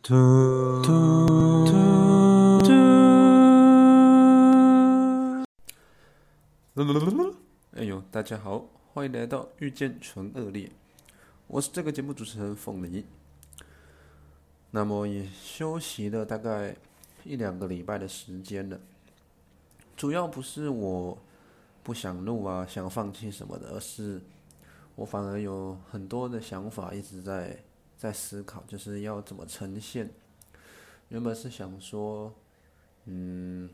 嘟嘟嘟嘟！哎呦，大家好，歡迎來到遇見純惡劣。我是這個節目主持人鳳梨。那麼也休息了大概一兩個禮拜的時間了，主要不是我不想錄啊，想放棄什麼的，而是我反而有很多的想法一直在。在思考，就是要怎麼呈現。原本是想說，嗯，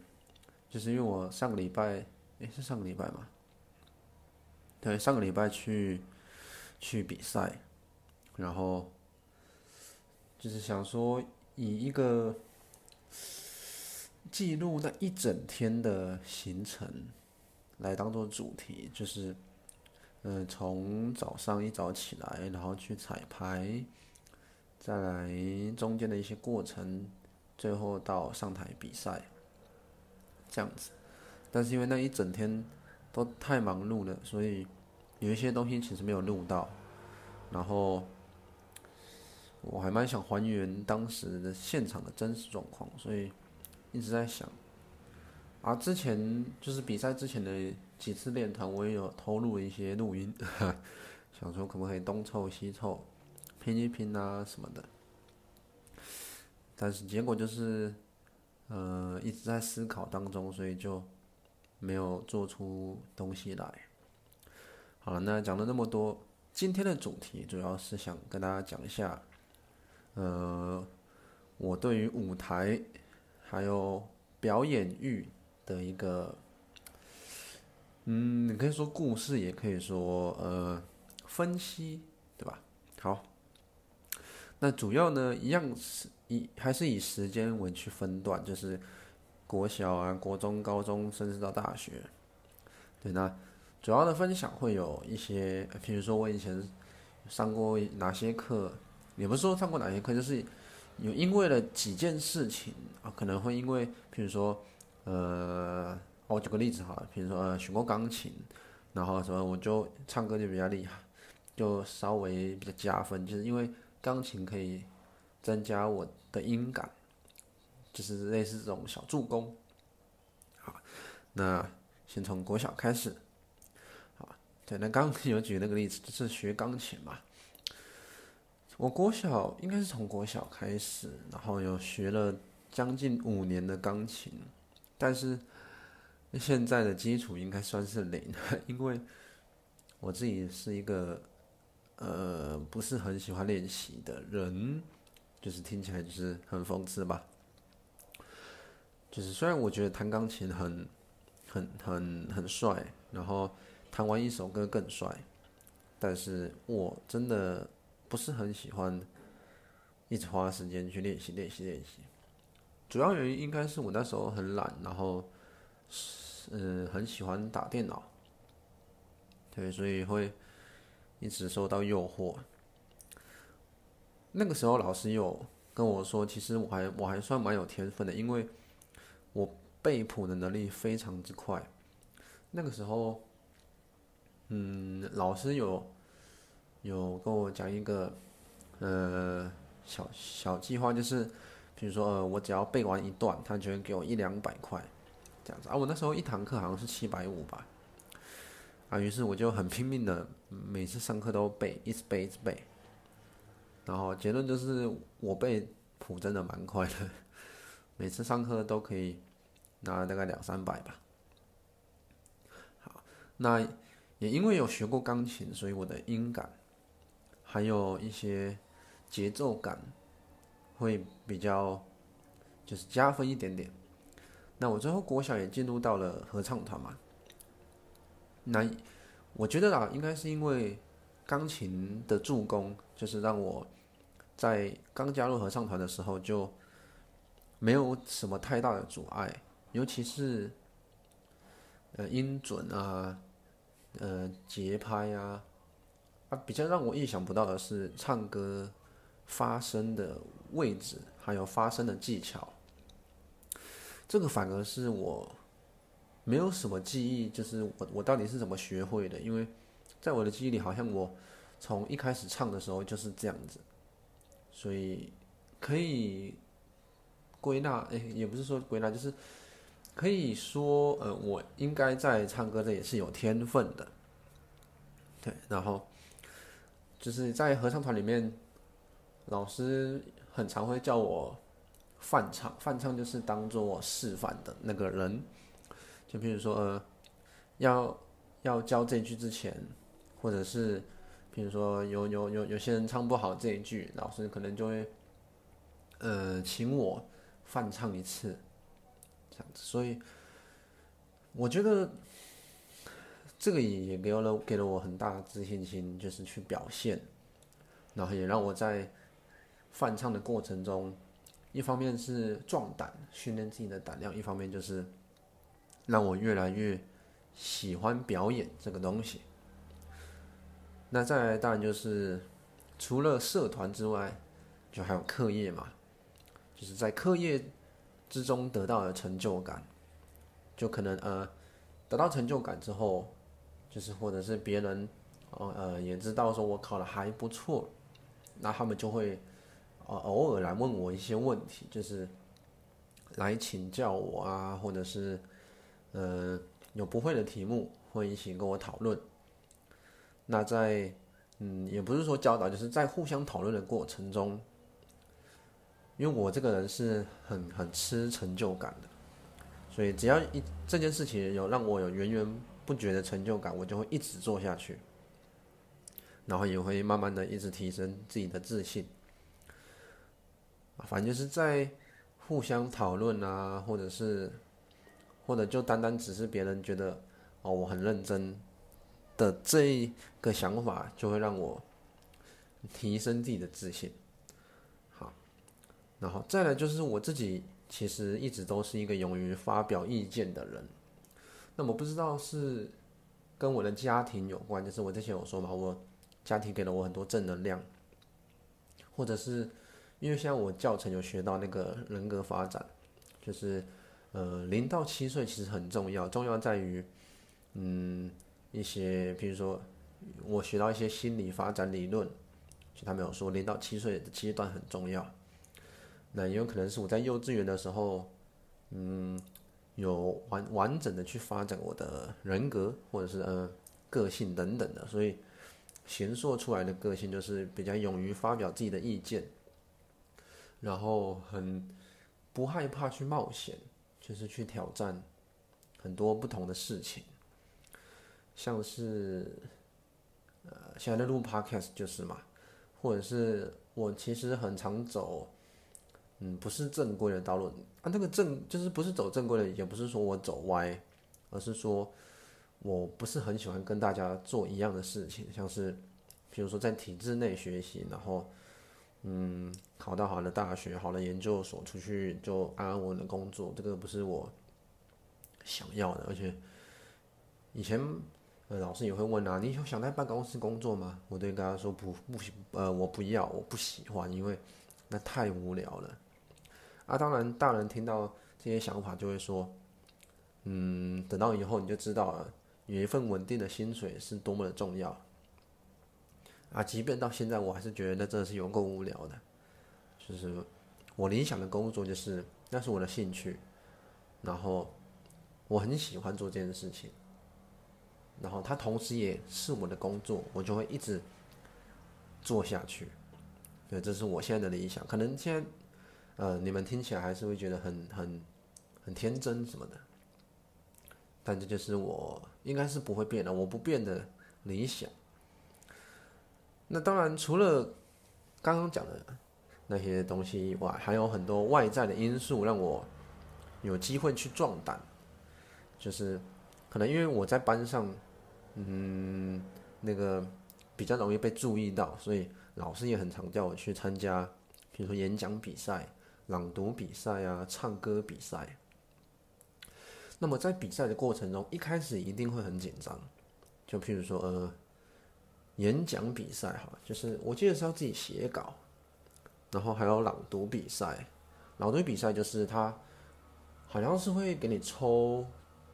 就是因為我上個禮拜，誒，是上個禮拜嘛，對，上個禮拜去去比賽，然後就是想說以一個記錄那一整天的行程來當做主題，就是嗯，從早上一早起來，然後去彩排。再來中間的一些過程，最後到上台比賽，這樣子。但是因為那一整天都太忙碌了，所以有一些東西其實沒有錄到。然後我還蠻想還原當時的現場的真實狀況，所以一直在想、啊。而之前就是比賽之前的幾次練團，我也有偷錄一些錄音， 想說可不可以東湊西湊。拼一拼啊什麼的，但是結果就是，呃，一直在思考當中，所以就沒有做出東西來。好了，那講了那麼多，今天的主題主要是想跟大家講一下，呃，我對於舞台還有表演欲的一個，嗯，你可以說故事，也可以說呃分析，對吧？好。那主要呢，一樣是以還是以時間為去分段，就是國小啊、國中、高中，甚至到大學，對，那主要的分享會有一些，呃、譬如說我以前上過哪些課，也不是說上過哪些課，就是有因為了幾件事情啊，可能會因為，譬如說，呃，哦、我舉個例子哈，比如說呃，學過鋼琴，然後什麼我就唱歌就比較厲害，就稍微比較加分，就是因為。鋼琴可以增加我的音感，就是類似這種小助攻。好，那先從國小開始。好，對，那剛剛有舉那個例子，就是學鋼琴嘛。我國小應該是從國小開始，然後有學了將近五年的鋼琴，但是現在的基礎應該算是零，因為我自己是一個。呃，不是很喜歡練習的人，就是聽起來就是很諷刺吧。就是雖然我覺得彈鋼琴很、很、很、很帥，然後彈完一首歌更帥，但是我真的不是很喜歡一直花時間去練習、練習、練習。主要原因應該是我那時候很懶，然後嗯、呃，很喜歡打電腦，對，所以會。一直受到誘惑。那個時候，老師有跟我說：“其實我還我還算蠻有天分的，因為我背譜的能力非常之快。”那個時候，嗯，老師有有跟我講一個呃小小計劃，就是比如說、呃，我只要背完一段，他就會給我一兩百塊，這樣子。啊，我那時候一堂課好像是七百五吧。啊，於是我就很拼命的。每次上課都背，一直背一直背，然後結論就是我背譜真的蠻快的，每次上課都可以拿大概兩三百吧。好，那也因為有學過鋼琴，所以我的音感還有一些節奏感會比較就是加分一點點。那我最後國小也進入到了合唱團嘛，那。我覺得啊，應該是因為鋼琴的助攻，就是讓我在剛加入合唱團的時候就沒有什麼太大的阻礙，尤其是呃音準啊，呃節拍啊，啊比較讓我意想不到的是唱歌發聲的位置還有發聲的技巧，這個反而是我。沒有什麼記憶，就是我我到底是怎麼學會的？因為在我的記憶裡，好像我從一開始唱的時候就是這樣子，所以可以歸納，哎、欸，也不是說歸納，就是可以說，呃，我應該在唱歌的也是有天分的，對，然後就是在合唱團裡面，老師很常會叫我範唱，範唱就是當做我示範的那個人。就比如說，呃要要教這一句之前，或者是，比如說有有有有些人唱不好這一句，老師可能就會，呃，請我範唱一次，這樣子。所以，我覺得這個也也給了給了我很大的自信心，就是去表現，然後也讓我在範唱的過程中，一方面是壯膽，訓練自己的膽量，一方面就是。讓我越來越喜歡表演這個東西。那再來當然就是除了社團之外，就還有課業嘛，就是在課業之中得到的成就感，就可能呃得到成就感之後，就是或者是別人哦呃，呃也知道說我考得還不錯，那他們就會呃偶爾來問我一些問題，就是來請教我啊，或者是。呃，有不會的題目會一起跟我討論。那在，嗯，也不是說教導，就是在互相討論的過程中，因為我這個人是很很吃成就感的，所以只要一這件事情有讓我有源源不絕的成就感，我就會一直做下去，然後也會慢慢的一直提升自己的自信。反正就是在互相討論啊，或者是。或者就單單只是別人覺得哦我很認真的這個想法就會讓我提升自己的自信。好，然後再來就是我自己其實一直都是一個勇於發表意見的人。那我不知道是跟我的家庭有關，就是我之前有說嘛，我家庭給了我很多正能量，或者是因為像我教程有學到那個人格發展，就是。呃，零到七歲其實很重要，重要在於，嗯，一些譬如說我學到一些心理發展理論，其他沒有說零到七歲的階段很重要。那也有可能是我在幼稚園的時候，嗯，有完完整的去發展我的人格或者是呃個性等等的，所以，形塑出來的個性就是比較勇於發表自己的意見，然後很不害怕去冒險。就是去挑戰很多不同的事情，像是呃，現在錄 Podcast 就是嘛，或者是我其實很常走，嗯，不是正規的道路啊，那個正就是不是走正規的，也不是說我走歪，而是說我不是很喜歡跟大家做一樣的事情，像是比如說在體制內學習，然後嗯。考到好的大學、好的研究所，出去就安安穩穩的工作，這個不是我想要的。而且以前、呃、老師也會問啊：“你想在辦公室工作嗎？”我對他說：“不，不喜……呃，我不要，我不喜歡，因為那太無聊了。”啊，當然，大人聽到這些想法就會說：“嗯，等到以後你就知道了，有一份穩定的薪水是多麼的重要。”啊，即便到現在，我還是覺得這是有夠無聊的。就是我理想的工作，就是那是我的興趣，然後我很喜歡做這件事情，然後它同時也是我的工作，我就會一直做下去。對，這是我現在的理想。可能現在呃，你們聽起來還是會覺得很很很天真什麼的，但這就是我應該是不會變的，我不變的理想。那當然，除了剛剛講的，那些東西以外，還有很多外在的因素讓我有機會去壯膽，就是可能因為我在班上，嗯，那個比較容易被注意到，所以老師也很常叫我去參加，比如說演講比賽、朗讀比賽啊、唱歌比賽。那麼在比賽的過程中，一開始一定會很緊張，就譬如說呃，演講比賽哈，就是我記得是要自己寫稿。然後還有朗讀比賽，朗讀比賽就是他好像是會給你抽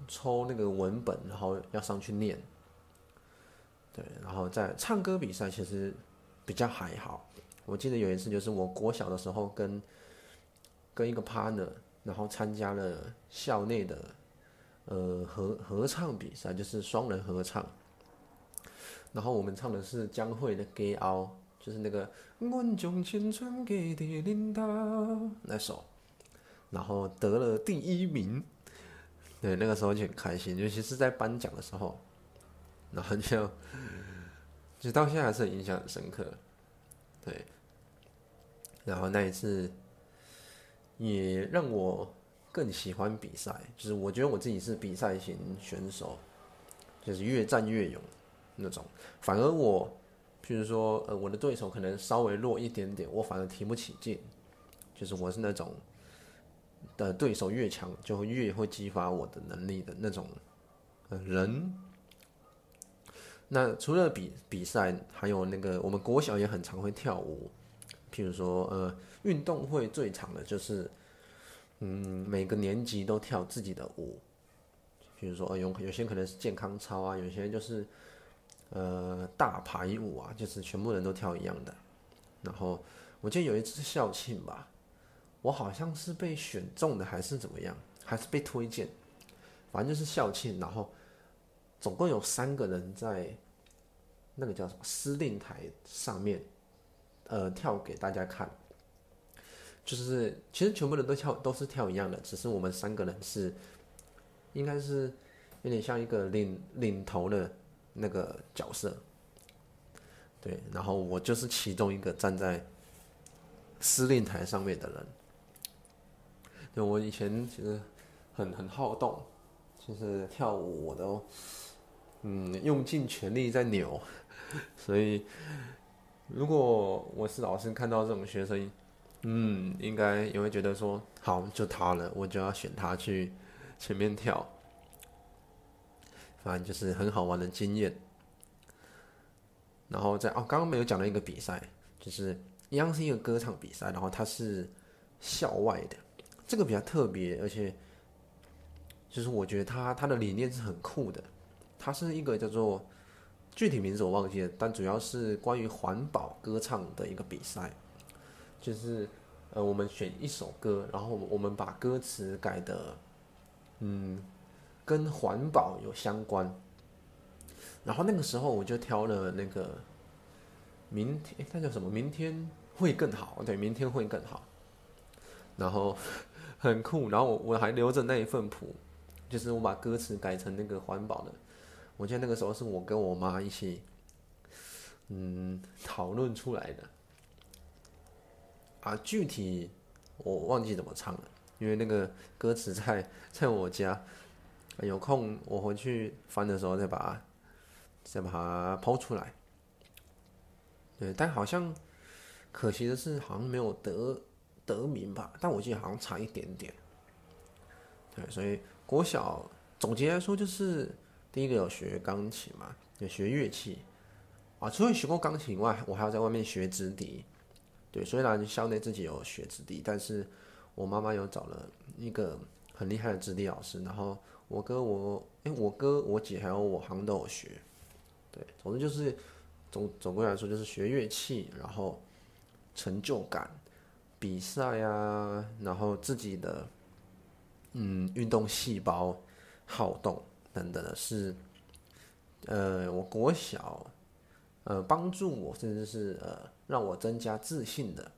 抽那個文本，然後要上去念。對，然後在唱歌比賽其實比較還好。我記得有一次就是我國小的時候跟跟一個 partner，然後參加了校內的呃合合唱比賽，就是雙人合唱，然後我們唱的是江蕙的《家後》。就是那個《我將青春給你領導》那首，然後得了第一名，對，那個時候就很開心，尤其是在頒獎的時候，然後就，就到現在還是很印象很深刻，對，然後那一次也讓我更喜歡比賽，就是我覺得我自己是比賽型選手，就是越戰越勇那種，反而我。譬如說，呃，我的對手可能稍微弱一點點，我反而提不起勁。就是我是那種的對手越強，就越會激發我的能力的那種，呃，人。那除了比比賽，還有那個我們國小也很常會跳舞。譬如說，呃，運動會最常的就是，嗯，每個年級都跳自己的舞。譬如說，呃，有有些可能是健康操啊，有些就是。呃，大排舞啊，就是全部人都跳一樣的。然後我記得有一次校慶吧，我好像是被選中的還是怎麼樣，還是被推薦。反正就是校慶，然後總共有三個人在那個叫什麼司令台上面，呃，跳給大家看。就是其實全部人都跳都是跳一樣的，只是我們三個人是應該是有點像一個領領頭的。那個角色，對，然後我就是其中一個站在司令台上面的人。就我以前其實很很好動，就是跳舞我都嗯用盡全力在扭，所以如果我是老師看到這種學生，嗯，應該也會覺得說，好，就他了，我就要選他去前面跳。反正就是很好玩的經驗，然後在哦，剛剛沒有講到一個比賽，就是一樣是一個歌唱比賽，然後它是校外的，這個比較特別，而且就是我覺得它它的理念是很酷的，它是一個叫做具體名字我忘記了，但主要是關於環保歌唱的一個比賽，就是呃，我們選一首歌，然後我們把歌詞改得，嗯。跟環保有相關，然後那個時候我就挑了那個，明天，欸，那叫什麼？明天會更好，對，明天會更好，然後很酷，然後我我還留着那一份譜，就是我把歌詞改成那個環保的，我記得那個時候是我跟我媽一起，嗯，討論出來的，啊，具體我忘記怎麼唱了，因為那個歌詞在在我家。有空我回去翻的時候再把再把它拋出來。對，但好像可惜的是好像沒有得得名吧？但我記得好像差一點點。對，所以國小總結來說就是第一個有學鋼琴嘛，有學樂器啊。除了學過鋼琴以外，我還要在外面學直笛。對，雖然校內自己有學直笛，但是我媽媽有找了一個很厲害的直笛老師，然後。我哥我，我、欸、哎，我哥、我姐還有我行都有學，對，總之就是，總總歸來說就是學樂器，然後成就感、比賽呀、啊，然後自己的嗯運動細胞好動等等的，是呃，我國小呃幫助我甚至是呃讓我增加自信的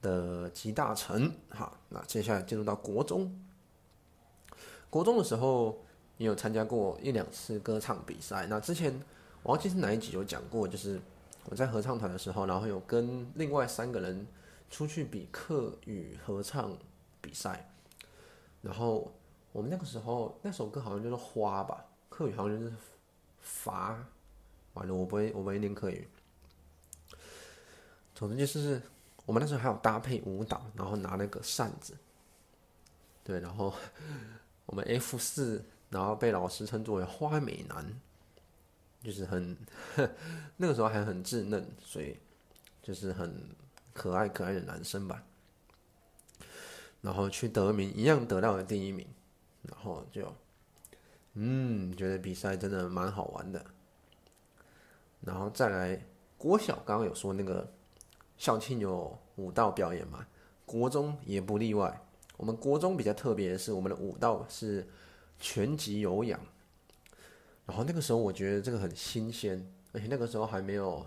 的集大成，哈，那接下來進入到國中。國中的時候，也有參加過一兩次歌唱比賽。那之前，我要記得哪一集有講過，就是我在合唱團的時候，然後有跟另外三個人出去比客語合唱比賽。然後我們那個時候那首歌好像叫做《花》吧，客語好像就是“罰”，反正我不會，我不會念客語。總之就是，我們那時候還有搭配舞蹈，然後拿那個扇子，對，然後。我們 F4，然後被老師稱作為花美男，就是很那個時候還很稚嫩，所以就是很可愛可愛的男生吧。然後去得名一樣得到了第一名，然後就嗯，覺得比賽真的蠻好玩的。然後再來，郭曉剛剛有說那個校慶有舞蹈表演嘛，國中也不例外。我們國中比較特別的是，我們的舞蹈是拳擊有氧，然後那個時候我覺得這個很新鮮，而且那個時候還沒有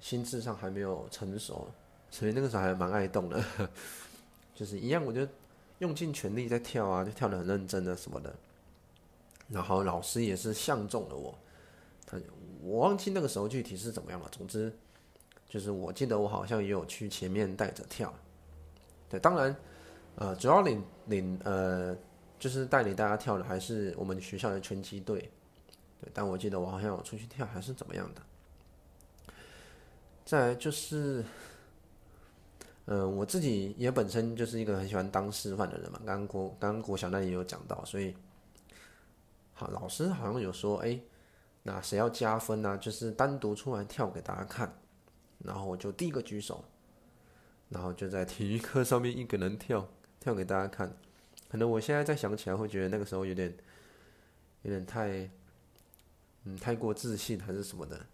心智上還沒有成熟，所以那個時候還蠻愛動的，就是一樣，我就用盡全力在跳啊，就跳得很認真的什麼的。然後老師也是相中了我，他我忘記那個時候具體是怎麼樣了，總之就是我記得我好像也有去前面帶着跳，對，當然。呃，主要領領呃，就是帶領大家跳的還是我們學校的拳擊隊，但我記得我好像有出去跳還是怎麼樣的。再來就是，嗯、呃，我自己也本身就是一個很喜歡當示範的人嘛。剛剛國，剛剛國小那也有講到，所以好老師好像有說，哎、欸，那誰要加分呢？啊？就是單獨出來跳給大家看。然後我就第一個舉手，然後就在體育課上面一個人跳。跳給大家看，可能我現在再想起來會覺得那個時候有點，有點太，嗯，太過自信還是什麼的，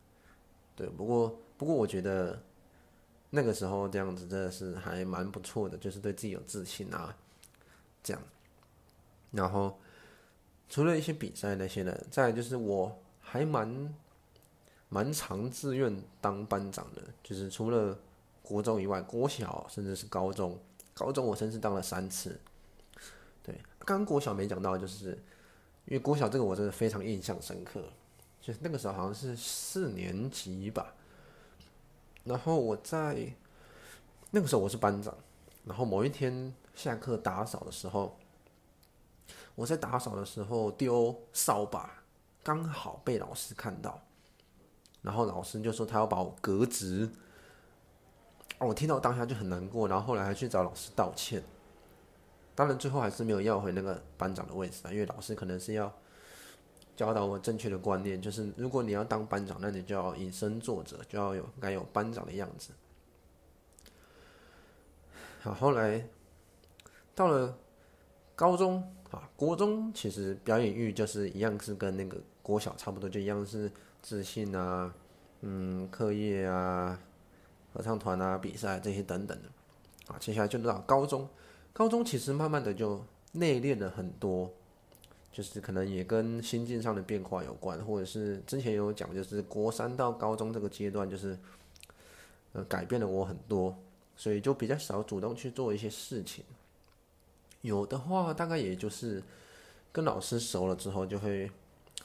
對。不過，不過我覺得那個時候這樣子真的是還蠻不錯的，就是對自己有自信啊，這樣。然後，除了一些比賽那些呢，再來就是我還蠻，蠻常自願當班長的，就是除了國中以外，國小甚至是高中。高中我甚至當了三次。對，剛國小沒講到，就是因為國小這個我真的非常印象深刻。就是那個時候好像是四年級吧，然後我在那個時候我是班長，然後某一天下課打掃的時候，我在打掃的時候丟掃把，剛好被老師看到，然後老師就說他要把我革職。哦、我聽到當下就很難過，然後後來還去找老師道歉，當然最後還是沒有要回那個班長的位置，因為老師可能是要教導我正確的觀念，就是如果你要當班長，那你就要以身作則，就要有該有班長的樣子。好，後來到了高中啊，國中其實表演欲就是一樣，是跟那個國小差不多，就一樣是自信啊，嗯，課業啊。合唱團啊，比賽這些等等的，啊，接下來就到高中。高中其實慢慢的就內斂了很多，就是可能也跟心境上的變化有關，或者是之前有講，就是國三到高中這個階段，就是呃改變了我很多，所以就比較少主動去做一些事情。有的話，大概也就是跟老師熟了之後，就會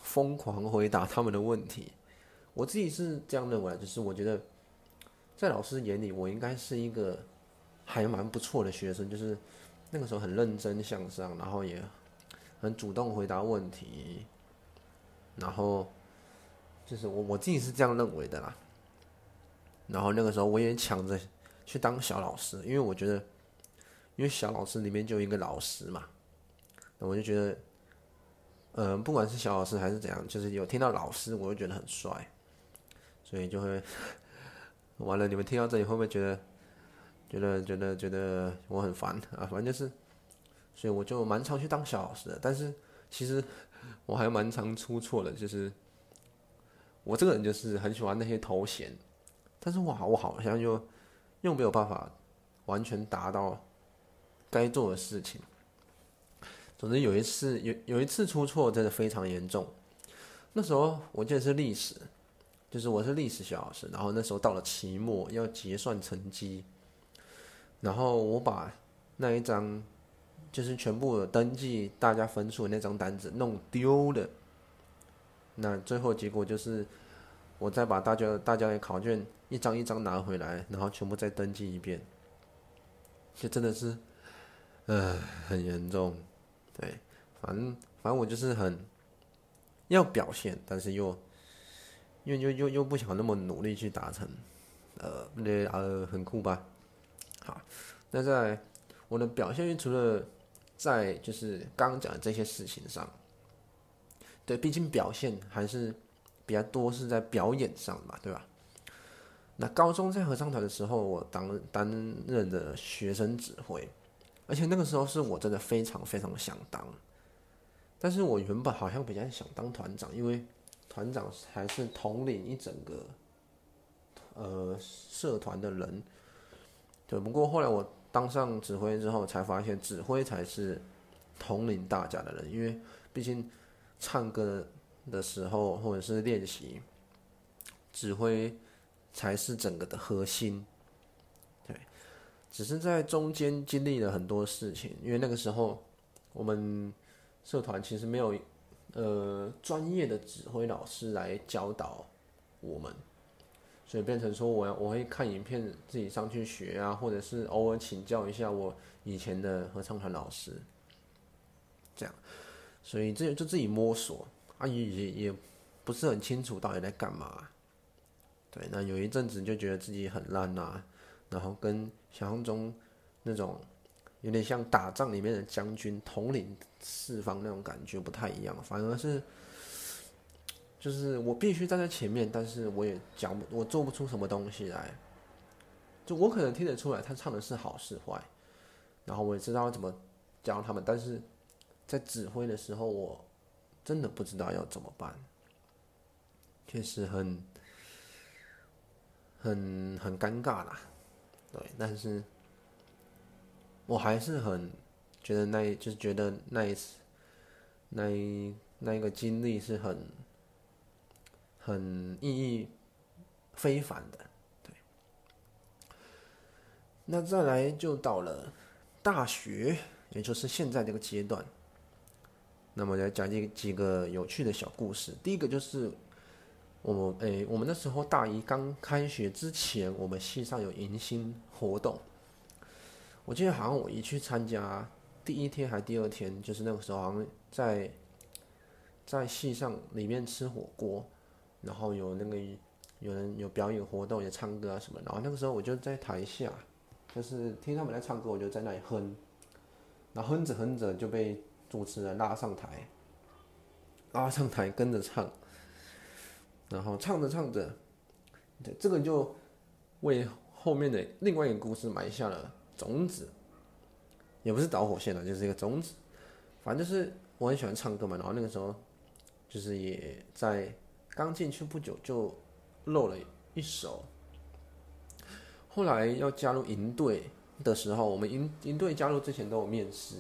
瘋狂回答他們的問題。我自己是這樣認為，就是我覺得。在老師眼裡，我應該是一個還蠻不錯的學生，就是那個時候很認真向上，然後也很主動回答問題，然後就是我我自己是這樣認為的啦。然後那個時候我也搶着去當小老師，因為我覺得，因為小老師裡面就有一個老師嘛，我就覺得，呃，不管是小老師還是怎樣，就是有聽到老師我就覺得很帥，所以就會。完了，你們聽到這裡會不會覺得覺得覺得覺得我很煩啊？反正就是，所以我就蠻常去當小老師的，但是其實我還蠻常出錯的，就是我這個人就是很喜歡那些頭銜，但是我好，我好像又又沒有辦法完全達到該做的事情。總之有一次有有一次出錯真的非常嚴重，那時候我記得是歷史。就是我是歷史小老師，然後那時候到了期末要結算成績，然後我把那一張就是全部登記大家分數那張單子弄丟了，那最後結果就是我再把大家大家的考卷一張一張拿回來，然後全部再登記一遍，就真的是，呃，很嚴重，對，反正反正我就是很要表現，但是又。因為又又又不想那麼努力去達成，呃，那呃很酷吧？好，那在我的表現，除了在就是剛剛講的這些事情上，對，畢竟表現還是比較多是在表演上嘛，對吧？那高中在合唱團的時候我，我當擔任的學生指揮，而且那個時候是我真的非常非常想當，但是我原本好像比較想當團長，因為。團長才是統領一整個，呃，社團的人，對。不過後來我當上指揮之後，才發現指揮才是統領大家的人，因為畢竟唱歌的時候或者是練習，指揮才是整個的核心，對。只是在中間經歷了很多事情，因為那個時候我們社團其實沒有。呃，專業的指揮老師來教導我們，所以變成說我我會看影片自己上去學啊，或者是偶爾請教一下我以前的合唱團老師。這樣，所以這就自己摸索，啊也也也不是很清楚到底在幹嘛，對，那有一陣子就覺得自己很爛吶、啊，然後跟想象中那種。有點像打仗裡面的將軍統領四方那種感覺不太一樣，反而是就是我必須站在前面，但是我也講不，我做不出什麼東西來。就我可能聽得出來他唱的是好是壞，然後我也知道怎麼教他們，但是在指揮的時候，我真的不知道要怎麼辦，確實很很很尷尬啦。對，但是。我還是很覺得那，就是覺得那一次，那一那一個經歷是很很意義非凡的，對。那再來就到了大學，也就是現在這個階段。那麼來講幾幾個有趣的小故事。第一個就是我們，誒、欸，我們那時候大一剛開學之前，我們系上有迎新活動。我記得好像我一去參加第一天還是第二天，就是那個時候，好像在在戲上裡面吃火鍋，然後有那個有人有表演活動，也唱歌啊什麼。然後那個時候我就在台下，就是聽他們在唱歌，我就在那裡哼，然後哼着哼着就被主持人拉上台，拉上台跟着唱，然後唱着唱着，對，這個就為後面的另外一個故事埋下了。種子，也不是導火線了，就是一個種子。反正就是我很喜歡唱歌嘛，然後那個時候就是也在剛進去不久就露了一手。後來要加入營隊的時候，我們營營隊加入之前都有面試，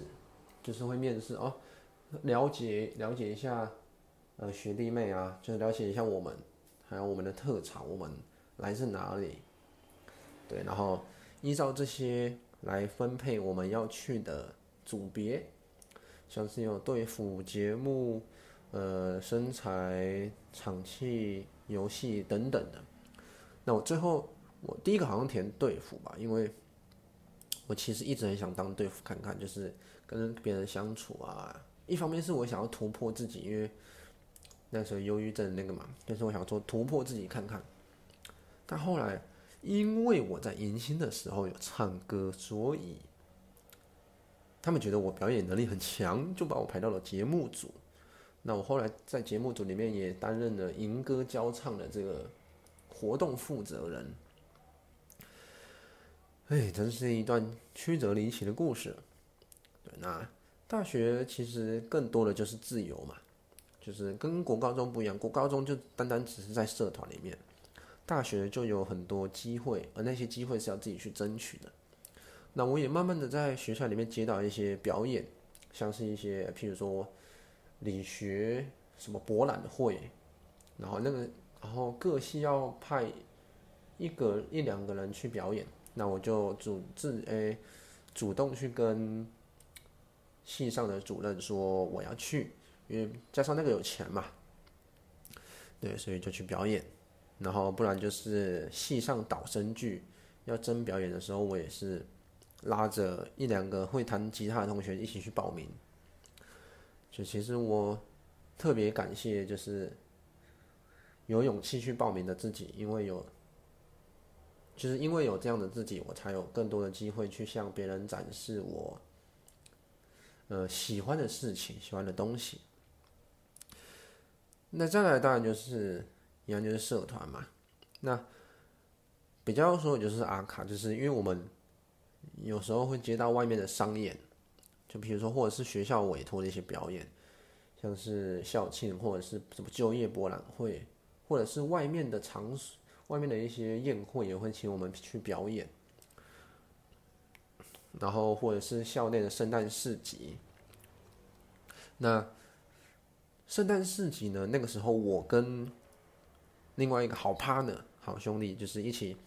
就是會面試哦，了解了解一下，呃，學弟妹啊，就是了解一下我們，還有我們的特長，我們來自哪裡，對，然後依照這些。來分配我們要去的組別，像是有隊輔節目、呃、身材、場氣、遊戲等等的。那我最後我第一個好像填隊輔吧，因為我其實一直很想當隊輔看看，就是跟別人相處啊。一方面是我想要突破自己，因為那時候憂鬱症那個嘛，但、就是我想說突破自己看看。但後來。因為我在迎新的時候有唱歌，所以他們覺得我表演能力很強，就把我排到了節目組。那我後來在節目組裡面也擔任了迎歌交唱的這個活動負責人。哎，真是一段曲折離奇的故事。對，那大學其實更多的就是自由嘛，就是跟國高中不一樣，國高中就單單只是在社團裡面。大學就有很多機會，而那些機會是要自己去爭取的。那我也慢慢的在學校裡面接到一些表演，像是一些譬如說理學什麼博覽會，然後那個然後各系要派一個一兩個人去表演，那我就主自誒、欸、主動去跟系上的主任說我要去，因為加上那個有錢嘛，對，所以就去表演。然後不然就是戲上導生劇，要真表演的時候，我也是拉着一兩個會彈吉他的同學一起去報名。就其實我特別感謝就是有勇氣去報名的自己，因為有就是因為有這樣的自己，我才有更多的機會去向別人展示我呃喜歡的事情、喜歡的東西。那再來當然就是。一樣就是社團嘛，那比較說就是阿卡，就是因為我們有時候會接到外面的商演，就比如說或者是學校委托的一些表演，像是校慶或者是什麼就業博覽會，或者是外面的場所，外面的一些宴會也會請我們去表演。然後或者是校內的聖誕市集，那聖誕市集呢，那個時候我跟另外一個好 partner，好兄弟，就是一起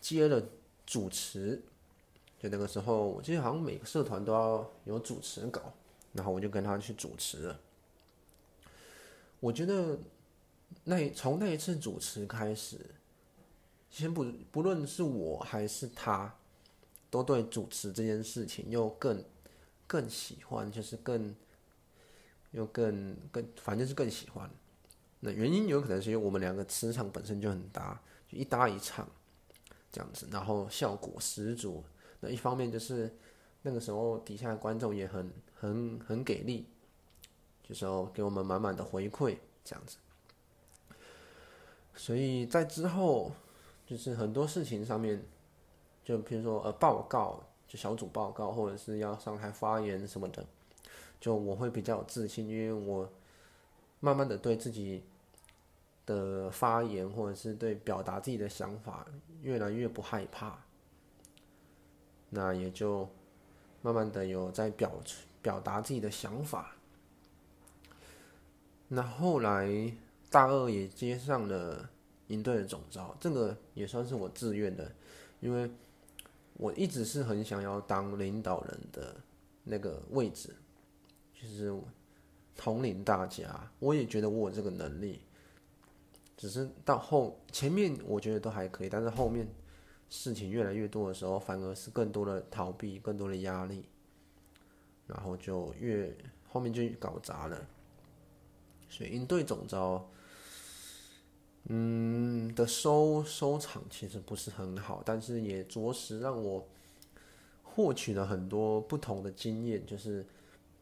接了主持。就那個時候，我記得好像每個社團都要有主持稿，然後我就跟他去主持了。我覺得那從那一次主持開始，先不不論是我還是他，都對主持這件事情又更更喜歡，就是更又更更，反正是更喜歡。那原因有可能是因為我們兩個磁場本身就很搭，就一搭一唱這樣子，然後效果十足。那一方面就是那個時候底下的觀眾也很很很給力，就時候給我們滿滿的回饋這樣子。所以在之後就是很多事情上面，就比如說呃報告，就小組報告或者是要上台發言什麼的，就我會比較有自信，因為我慢慢的對自己。的發言或者是對表達自己的想法越來越不害怕，那也就慢慢的有在表表達自己的想法。那後來大二也接上了營隊的總召，這個也算是我自願的，因為我一直是很想要當領導人的那個位置，就是統領大家，我也覺得我有這個能力。只是到後，前面我覺得都還可以，但是後面事情越來越多的時候，反而是更多的逃避，更多的壓力，然後就越後面就搞砸了。所以應對總召，嗯，的收收場其實不是很好，但是也着實讓我獲取了很多不同的經驗，就是。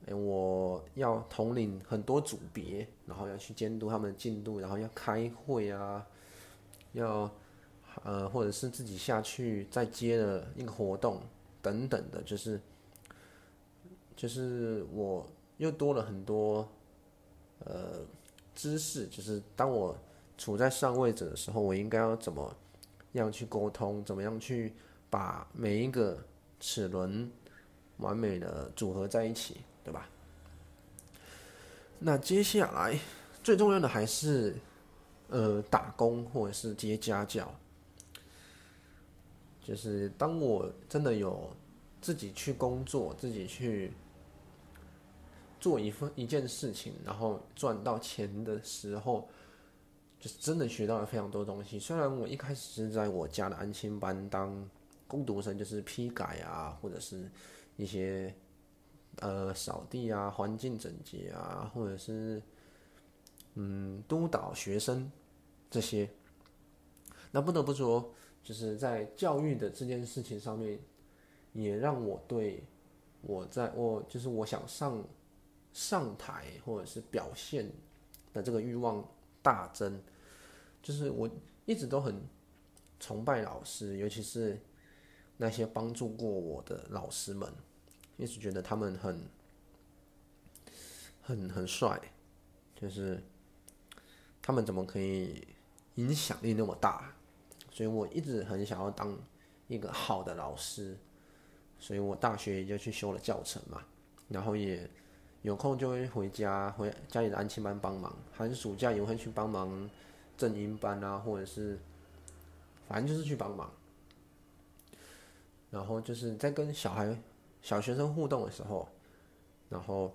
哎、欸，我要統領很多組別，然後要去監督他們的進度，然後要開會啊，要呃，或者是自己下去再接的一個活動等等的，就是就是我又多了很多呃知識，就是當我處在上位者的時候，我應該要怎麼樣去溝通，怎麼樣去把每一個齒輪完美的組合在一起。對吧？那接下來最重要的還是，呃，打工或者是接家教。就是當我真的有自己去工作、自己去做一份一件事情，然後賺到錢的時候，就是真的學到了非常多東西。雖然我一開始是在我家的安親班當工讀生，就是批改啊，或者是一些。呃，掃地啊，環境整潔啊，或者是，嗯，督導學生這些，那不得不說，就是在教育的這件事情上面，也讓我對我在，我就是我想上上台或者是表現的這個慾望大增，就是我一直都很崇拜老師，尤其是那些幫助過我的老師們。一直覺得他們很，很很帥，就是他們怎麼可以影響力那麼大？所以我一直很想要當一個好的老師，所以我大學也就去修了教程嘛，然後也有空就會回家回家裡的安親班幫忙，寒暑假也會去幫忙正音班啊，或者是反正就是去幫忙，然後就是在跟小孩。小學生互動的時候，然後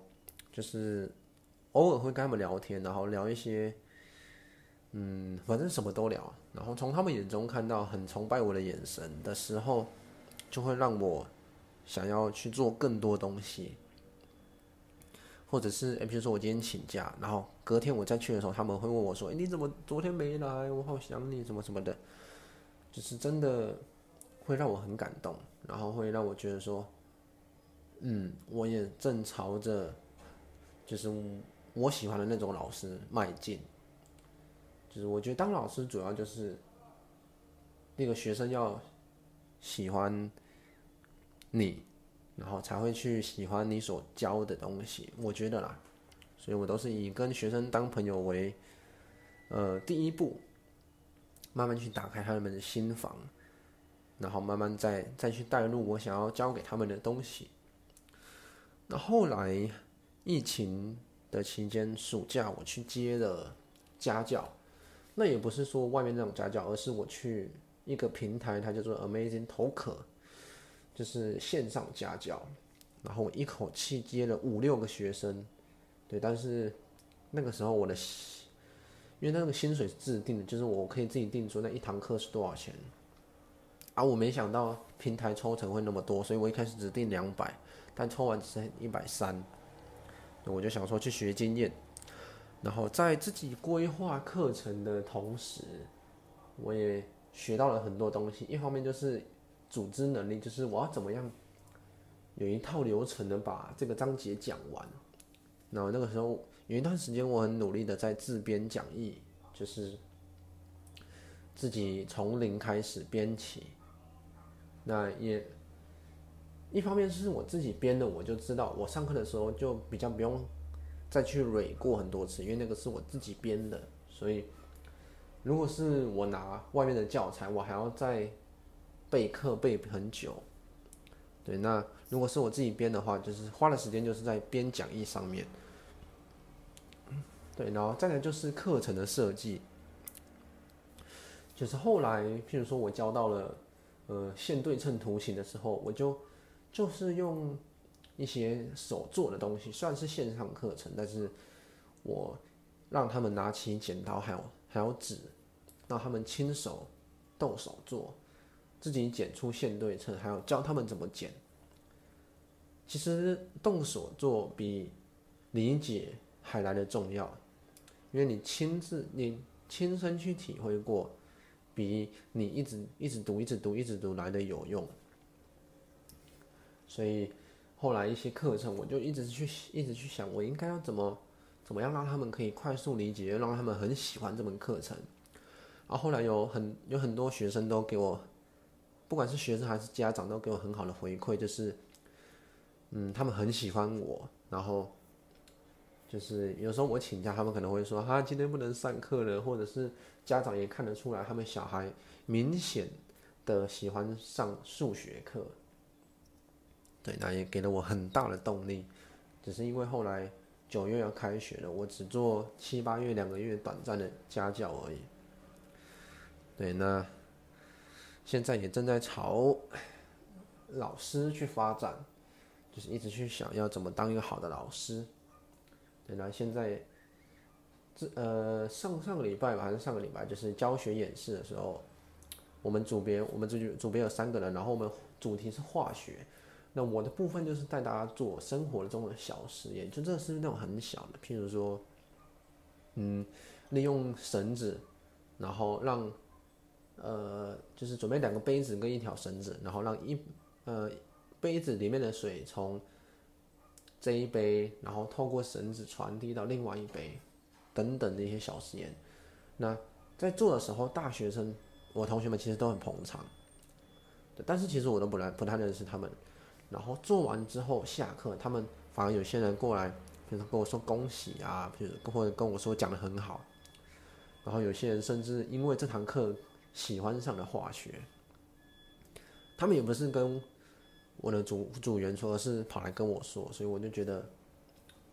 就是偶爾會跟他們聊天，然後聊一些，嗯，反正什麼都聊。然後從他們眼中看到很崇拜我的眼神的時候，就會讓我想要去做更多東西，或者是、欸、比如說我今天請假，然後隔天我再去的時候，他們會問我說：“哎、欸，你怎麼昨天沒來？我好想你，什麼什麼的。”就是真的會讓我很感動，然後會讓我覺得說。嗯，我也正朝着，就是我喜歡的那種老師邁進。就是我覺得當老師主要就是，那個學生要喜歡你，然後才會去喜歡你所教的東西。我覺得啦，所以我都是以跟學生當朋友為，呃，第一步，慢慢去打開他們的心房，然後慢慢再再去帶入我想要教給他們的東西。那後來，疫情的期間，暑假我去接了家教，那也不是說外面那種家教，而是我去一個平台，它叫做 AmazingTalker，就是線上家教，然後我一口氣接了五六個學生，對，但是那個時候我的，因為那個薪水是自定的，就是我可以自己定出那一堂課是多少錢，啊，我沒想到平台抽成會那麼多，所以我一開始只定兩百。但抽完只剩一百三，我就想說去學經驗，然後在自己規劃課程的同時，我也學到了很多東西。一方面就是組織能力，就是我要怎麼樣有一套流程的把這個章節講完。然後那個時候有一段時間我很努力的在自編講義，就是自己從零開始編起，那也。一方面是我自己編的，我就知道我上課的時候就比較不用再去 review 過很多次，因為那個是我自己編的，所以如果是我拿外面的教材，我還要再備課備很久。對，那如果是我自己編的話，就是花了時間就是在編講義上面。對，然後再來就是課程的設計，就是後來譬如說我教到了呃線對稱圖形的時候，我就。就是用一些手做的東西，雖然是線上課程，但是我讓他們拿起剪刀還，還有還有紙，讓他們親手動手做，自己剪出線對稱，還有教他們怎麼剪。其實動手做比理解還來得重要，因為你親自你親身去體會過，比你一直一直讀、一直讀、一直讀、一直讀來得有用。所以後來一些課程，我就一直去一直去想，我應該要怎麼怎麼樣讓他們可以快速理解，讓他們很喜歡這門課程。然後、啊、後來有很有很多學生都給我，不管是學生還是家長，都給我很好的回饋，就是嗯，他們很喜歡我。然後就是有時候我請假，他們可能會說他、啊、今天不能上課了。或者是家長也看得出來，他們小孩明顯的喜歡上數學課。對，那也給了我很大的動力。只是因為後來九月要開學了，我只做七八月兩個月短暫的家教而已。對，那現在也正在朝老師去發展，就是一直去想要怎麼當一個好的老師。對，那現在這呃上上個禮拜吧，還是上個禮拜，就是教學演示的時候，我們組別我們組組別有三個人，然後我們主題是化學。那我的部分就是帶大家做生活中的小實驗，就這是那種很小的，譬如說，嗯，利用繩子，然後讓，呃，就是準備兩個杯子跟一條繩子，然後讓一呃杯子裡面的水從這一杯，然後透過繩子傳遞到另外一杯，等等這些小實驗。那在做的時候，大學生，我同學們其實都很捧場，但是其實我都不太不太認識他們。然後做完之後下課，他們反而有些人過來，比如說跟我說恭喜啊，或者跟我說講的很好，然後有些人甚至因為這堂課喜歡上了化學。他們也不是跟我的組組員說，是跑來跟我說，所以我就覺得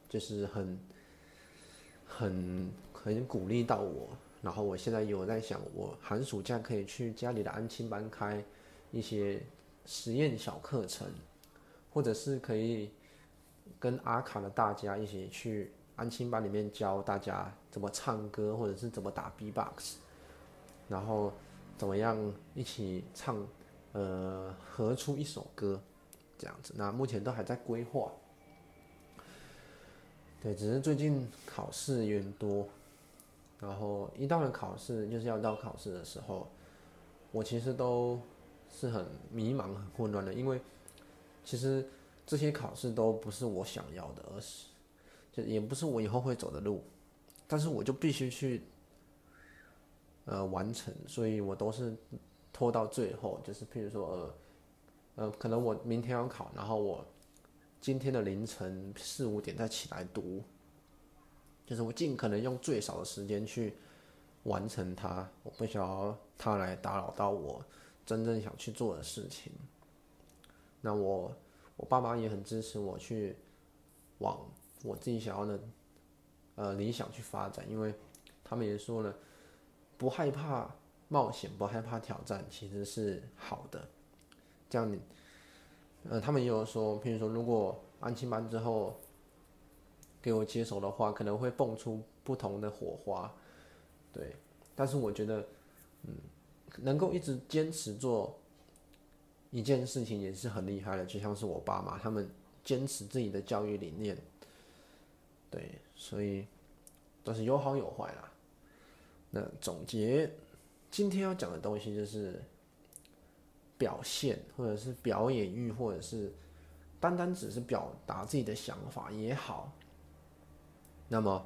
就是很很很鼓勵到我。然後我現在有在想，我寒暑假可以去家裡的安親班開一些實驗小課程。或者是可以跟阿卡的大家一起去安親班裡面教大家怎麼唱歌，或者是怎麼打 B-box，然後怎麼樣一起唱，呃，合出一首歌這樣子。那目前都還在規劃，對，只是最近考試有點多，然後一到了考試就是要到考試的時候，我其實都是很迷茫、很混亂的，因為。其實這些考試都不是我想要的，而是就也不是我以後會走的路，但是我就必須去呃完成，所以我都是拖到最後，就是譬如說呃呃，可能我明天要考，然後我今天的凌晨四五點再起來讀，就是我盡可能用最少的時間去完成它，我不想要它來打擾到我真正想去做的事情。那我，我爸媽也很支持我去往我自己想要的，呃，理想去發展，因為他們也說了，不害怕冒險，不害怕挑戰，其實是好的。這樣，呃，他們也有說，譬如說，如果安親班之後給我接手的話，可能會蹦出不同的火花，對。但是我覺得，嗯，能夠一直堅持做。一件事情也是很厲害的，就像是我爸媽，他們堅持自己的教育理念，對，所以，都是有好有壞啦。那總結今天要講的東西就是表現，或者是表演欲，或者是單單只是表達自己的想法也好。那麼，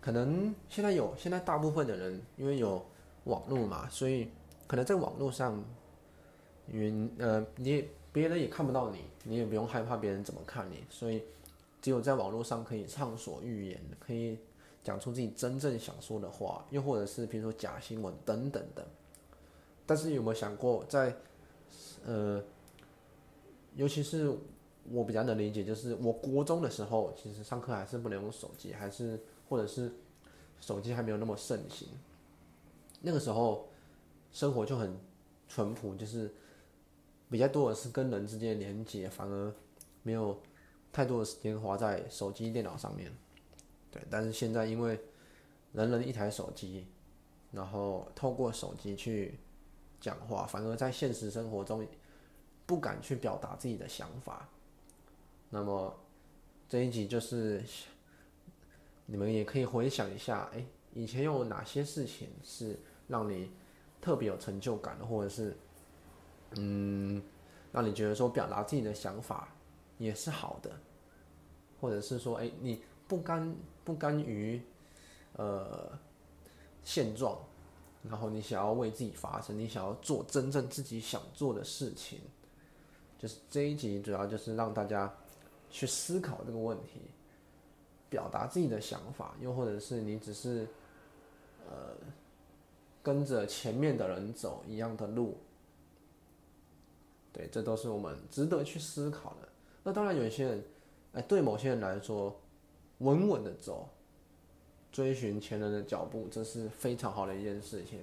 可能現在有，現在大部分的人因為有網絡嘛，所以可能在網絡上。因為呃，你別人也看不到你，你也不用害怕別人怎麼看你，所以只有在網絡上可以暢所欲言，可以講出自己真正想說的話，又或者是比如說假新聞等等的。但是有沒有想過在，在呃，尤其是我比較能理解，就是我國中的時候，其實上課還是不能用手機，還是或者是手機還沒有那麼盛行，那個時候生活就很淳樸，就是。比較多的是跟人之間的連接，反而沒有太多的時間花在手機、電腦上面。對，但是現在因為人人一台手機，然後透過手機去講話，反而在現實生活中不敢去表達自己的想法。那麼這一集就是你們也可以回想一下，哎、欸，以前有哪些事情是讓你特別有成就感的，或者是？嗯，讓你覺得說表達自己的想法也是好的，或者是說，哎、欸，你不甘不甘於呃現狀，然後你想要為自己發聲，你想要做真正自己想做的事情，就是這一集主要就是讓大家去思考這個問題，表達自己的想法，又或者是你只是呃跟着前面的人走一樣的路。對，這都是我們值得去思考的。那當然，有些人，哎，對某些人來說，穩穩的走，追尋前人的腳步，這是非常好的一件事情。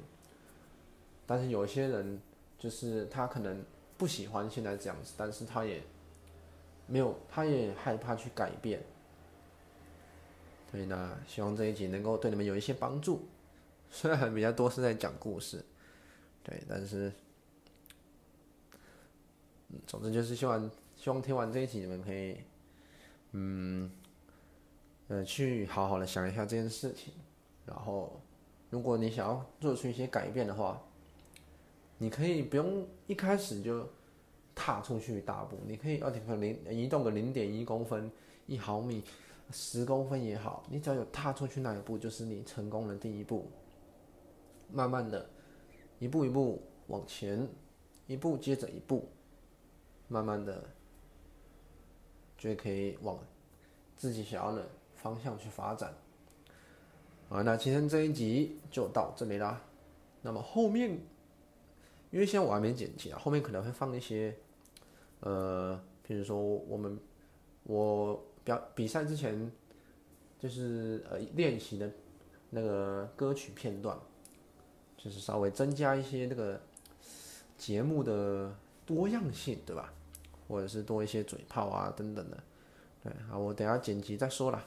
但是有些人，就是他可能不喜歡現在這樣子，但是他也，沒有，他也害怕去改變。對，那希望這一集能夠對你們有一些幫助。雖然比較多是在講故事，對，但是。總之就是希望，希望聽完這一集，你們可以，嗯，呃，去好好的想一下這件事情。然後，如果你想要做出一些改變的話，你可以不用一開始就踏出去一大步，你可以要點分零，移動個零點一公分、一毫米、十公分也好，你只要有踏出去那一步，就是你成功的第一步。慢慢的，一步一步往前，一步接着一步。慢慢的，就可以往自己想要的方向去發展。啊，那今天這一集就到這裡啦。那麼後面，因為現在我還沒剪輯啊，後面可能會放一些，呃，比如說我們我表比賽之前就是呃練習的那個歌曲片段，就是稍微增加一些那個節目的。多樣性，對吧？或者是多一些嘴炮啊，等等的。對，好，我等一下剪輯再說啦。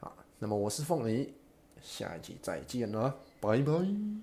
好，那麼我是鳳梨，下一集再見啦，拜拜。